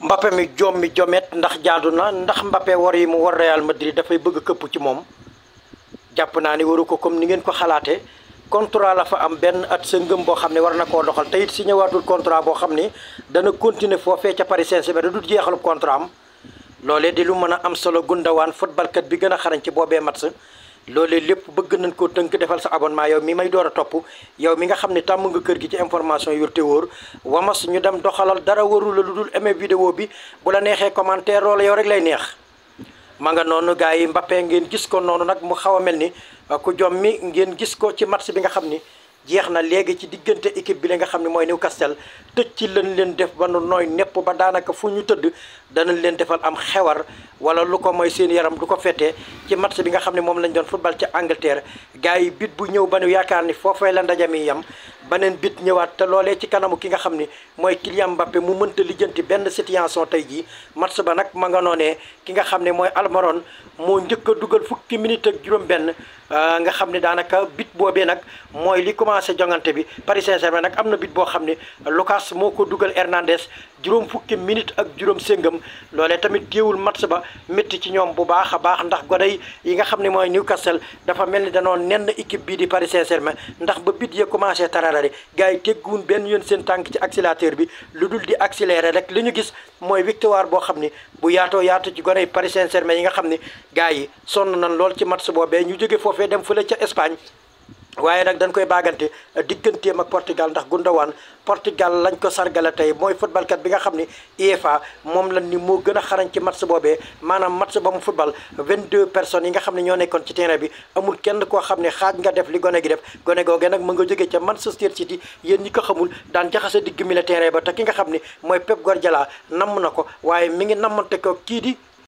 Mbappé mi joom mi jomet ndax jaadu na ndax Mbappé war yi mu war ma Madrid dafay bëgg këppu ci moom jàpp naa ni waru ko comme ni ngeen ko xalaatee contrat la fa am benn at sa ngëm boo xam ne war na koo doxal te it signé waatul contrat boo xam ni dana continuer foofee ca Paris Saint-Germain du jeexalub contrat am loolee di lu mën a am solo Gundogan footballkat bi gën a xarañ ci boobee match loolee lépp bëgg nañ koo tënk defal sa abonnement yow mi may door a topp yow mi nga xam ne tàmm nga kër gi ci information yu te wóor wamas ñu dem doxalal dara warul la lu dul emee vidéo bi bu la neexee commentaire loola yow rek lay neex ma nga noonu gars yi Mbappé ngeen gis ko noonu nag mu xaw a mel ni ku jom mi ngeen gis ko ci match bi nga xam ni jeex na léegi ci diggante équipe bi la nga xam ne mooy Newcastle tëj ci lañ leen def ba nu nooy nepp ba daanaka fu ñu tëdd danañ leen defal am xewar wala lu ko mooy seen yaram du ko fete ci match bi nga xam ne moom lañ doon football ca Angleterre gars yi bit bu ñëw ba nu yaakaar ni foofee la ndajami yam beneen bit ñëwaat te loolee ci kanamu ki nga xam ni mooy Kylian Mbappé mu mënta lijjanti benn situation tey jii match ba nag ma nga noone ki nga xam ne mooy Almiron moo njëkk a dugal fukki minute ak juróom benn euh, nga xam ne daanaka bit boobee nag mooy li commencé commencé jongante bi Paris Saint-Germain nag am na bit boo xam ne Lucas moo ko dugal Hernandez juróom fukki minute ak juróom séngam loolee tamit téewul match ba métti ci ñoom bu baax a baax ndax gone yi nga xam ne mooy Newcastle dafa mel ni danoo nenn équipe bi di Paris saint ndax ba bit ya commencé tararari gars yi tegguwun benn yoon seen tànk ci accélérateur bi lu dul di accélérer rek li ñu gis mooy victoire boo xam ni bu yaatoo yaatu ci gone yi Paris saint yi nga xam ne gars yi sonn nañ lool ci match boobee ñu jóge foofee dem fële ca Espagne waaye nag dañ koy baagante digganteem ak Portugal ndax Gundogan Portugal lañ ko sargale tey mooy footballkat bi nga xam ni UEFA moom lañ ni moo gën a xarañ ci match boobee maanaam match ba mu football 22 personnes yi nga xam ne ñoo nekkoon ci terrain bi amul kenn koo xam ne xaaj nga def li gone gi def gone googee nag mu nga jógee ca man Manchester City yéen ñi ko xamul daan jaxase digg mi la terrain ba te ki nga xam ni mooy Pep Guardiola nam na ko waaye mi ngi nammante ko kii di